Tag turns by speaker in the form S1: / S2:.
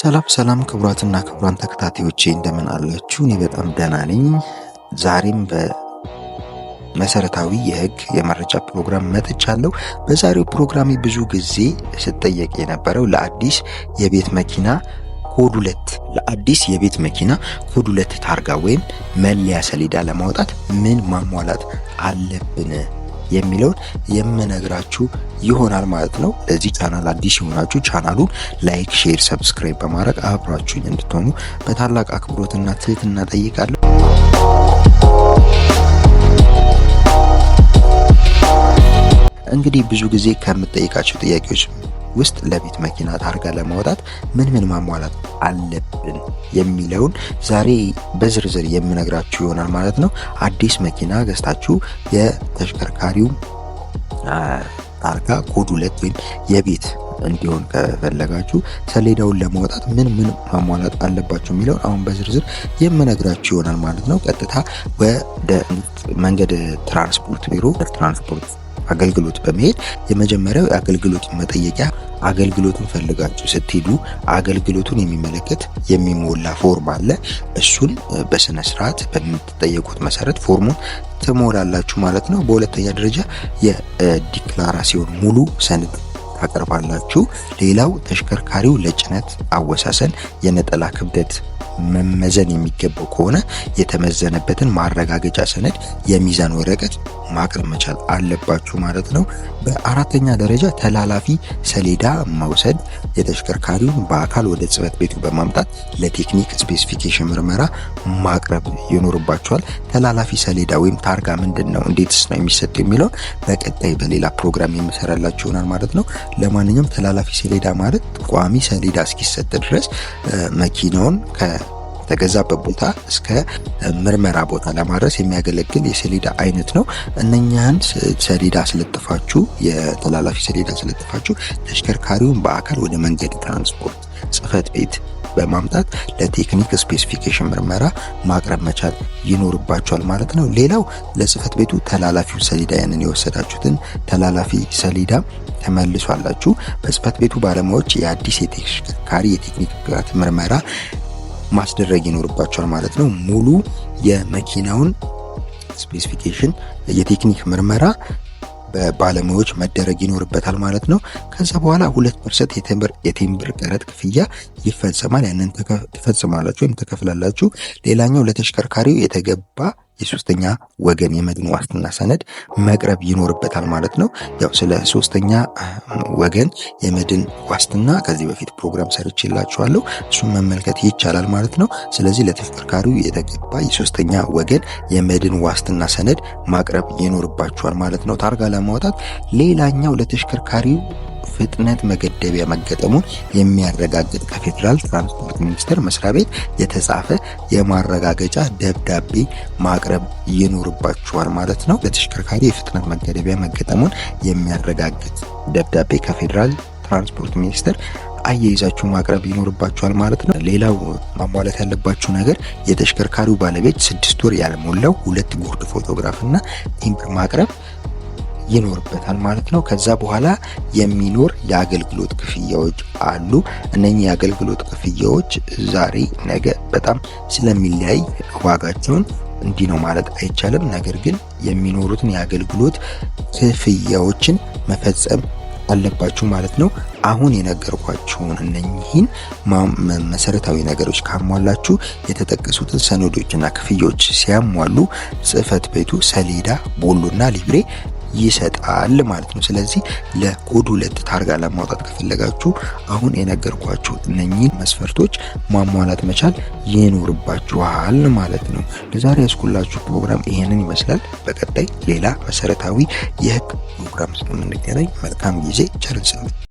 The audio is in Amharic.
S1: ሰላም ሰላም ክቡራትና ክቡራን ተከታታዮቼ እንደምን አላችሁ? እኔ በጣም ደህና ነኝ። ዛሬም በመሰረታዊ የህግ የመረጃ ፕሮግራም መጥቻለሁ። በዛሬው ፕሮግራሜ ብዙ ጊዜ ስጠየቅ የነበረው ለአዲስ የቤት መኪና ኮድ ሁለት ለአዲስ የቤት መኪና ኮድ ሁለት ታርጋ ወይም መለያ ሰሌዳ ለማውጣት ምን ማሟላት አለብን የሚለውን የምነግራችሁ ይሆናል ማለት ነው። ለዚህ ቻናል አዲስ የሆናችሁ ቻናሉን ላይክ፣ ሼር፣ ሰብስክራይብ በማድረግ አብራችሁኝ እንድትሆኑ በታላቅ አክብሮትና ትህትና ጠይቃለሁ። እንግዲህ ብዙ ጊዜ ከምጠይቃቸው ጥያቄዎች ውስጥ ለቤት መኪና ታርጋ ለማውጣት ምን ምን ማሟላት አለብን የሚለውን ዛሬ በዝርዝር የምነግራችሁ ይሆናል ማለት ነው። አዲስ መኪና ገዝታችሁ የተሽከርካሪው ታርጋ ኮድ ሁለት ወይም የቤት እንዲሆን ከፈለጋችሁ ሰሌዳውን ለማውጣት ምን ምን ማሟላት አለባችሁ የሚለውን አሁን በዝርዝር የምነግራችሁ ይሆናል ማለት ነው። ቀጥታ ወደ መንገድ ትራንስፖርት ቢሮ ትራንስፖርት አገልግሎት በመሄድ የመጀመሪያው የአገልግሎት መጠየቂያ አገልግሎቱን ፈልጋችሁ ስትሄዱ አገልግሎቱን የሚመለከት የሚሞላ ፎርም አለ። እሱን በስነ ስርዓት በምትጠየቁት መሰረት ፎርሙን ትሞላላችሁ ማለት ነው። በሁለተኛ ደረጃ የዲክላራሲዮን ሙሉ ሰነድ ታቀርባላችሁ። ሌላው ተሽከርካሪው ለጭነት አወሳሰን የነጠላ ክብደት መመዘን የሚገባው ከሆነ የተመዘነበትን ማረጋገጫ ሰነድ የሚዛን ወረቀት ማቅረብ መቻል አለባችሁ ማለት ነው። በአራተኛ ደረጃ ተላላፊ ሰሌዳ መውሰድ የተሽከርካሪውን በአካል ወደ ጽሕፈት ቤቱ በማምጣት ለቴክኒክ ስፔሲፊኬሽን ምርመራ ማቅረብ ይኖርባችኋል። ተላላፊ ሰሌዳ ወይም ታርጋ ምንድን ነው፣ እንዴትስ ነው የሚሰጠው የሚለውን በቀጣይ በሌላ ፕሮግራም የምሰራላችሁ ይሆናል ማለት ነው። ለማንኛውም ተላላፊ ሰሌዳ ማለት ቋሚ ሰሌዳ እስኪሰጥ ድረስ መኪናውን ከ ከተገዛበት ቦታ እስከ ምርመራ ቦታ ለማድረስ የሚያገለግል የሰሌዳ አይነት ነው። እነኛን ሰሌዳ ስለጥፋችሁ የተላላፊ ሰሌዳ ስለጥፋችሁ ተሽከርካሪውን በአካል ወደ መንገድ ትራንስፖርት ጽህፈት ቤት በማምጣት ለቴክኒክ ስፔሲፊኬሽን ምርመራ ማቅረብ መቻል ይኖርባቸዋል ማለት ነው። ሌላው ለጽህፈት ቤቱ ተላላፊው ሰሌዳ ያንን የወሰዳችሁትን ተላላፊ ሰሌዳ ተመልሷላችሁ በጽህፈት ቤቱ ባለሙያዎች የአዲስ የተሽከርካሪ የቴክኒክ ምርመራ ማስደረግ ይኖርባቸዋል ማለት ነው። ሙሉ የመኪናውን ስፔሲፊኬሽን የቴክኒክ ምርመራ በባለሙያዎች መደረግ ይኖርበታል ማለት ነው። ከዛ በኋላ ሁለት ፐርሰንት የቴምብር ቀረጥ ክፍያ ይፈጸማል። ያንን ትፈጽማላችሁ ወይም ትከፍላላችሁ። ሌላኛው ለተሽከርካሪው የተገባ የሶስተኛ ወገን የመድን ዋስትና ሰነድ መቅረብ ይኖርበታል ማለት ነው። ያው ስለ ሶስተኛ ወገን የመድን ዋስትና ከዚህ በፊት ፕሮግራም ሰርቼላችኋለሁ። እሱን መመልከት ይቻላል ማለት ነው። ስለዚህ ለተሽከርካሪው የተገባ የሶስተኛ ወገን የመድን ዋስትና ሰነድ ማቅረብ ይኖርባችኋል ማለት ነው። ታርጋ ለማውጣት ሌላኛው ለተሽከርካሪው ፍጥነት መገደቢያ መገጠሙን የሚያረጋግጥ ከፌዴራል ትራንስፖርት ሚኒስቴር መስሪያ ቤት የተጻፈ የማረጋገጫ ደብዳቤ ማቅረብ ይኖርባቸዋል ማለት ነው። ለተሽከርካሪ የፍጥነት መገደቢያ መገጠሙን የሚያረጋግጥ ደብዳቤ ከፌዴራል ትራንስፖርት ሚኒስቴር አያይዛችሁ ማቅረብ ይኖርባችኋል ማለት ነው። ሌላው ማሟላት ያለባችሁ ነገር የተሽከርካሪው ባለቤት ስድስት ወር ያልሞላው ሁለት ጉርድ ፎቶግራፍና ቲምብር ማቅረብ ይኖርበታል ማለት ነው። ከዛ በኋላ የሚኖር የአገልግሎት ክፍያዎች አሉ። እነኚህ የአገልግሎት ክፍያዎች ዛሬ ነገ በጣም ስለሚለያይ ዋጋቸውን እንዲህ ነው ማለት አይቻልም። ነገር ግን የሚኖሩትን የአገልግሎት ክፍያዎችን መፈጸም አለባችሁ ማለት ነው። አሁን የነገርኳችሁን እነኚህን መሰረታዊ ነገሮች ካሟላችሁ የተጠቀሱትን ሰነዶችና ክፍያዎች ሲያሟሉ ጽህፈት ቤቱ ሰሌዳ፣ ቦሎና ሊብሬ ይሰጣል ማለት ነው። ስለዚህ ለኮድ ሁለት ታርጋ ለማውጣት ከፈለጋችሁ አሁን የነገርኳችሁ እነኚህን መስፈርቶች ማሟላት መቻል ይኖርባችኋል ማለት ነው። ለዛሬ ያስኩላችሁ ፕሮግራም ይሄንን ይመስላል። በቀጣይ ሌላ መሰረታዊ የህግ ፕሮግራም እስከምንገናኝ መልካም ጊዜ ቸርን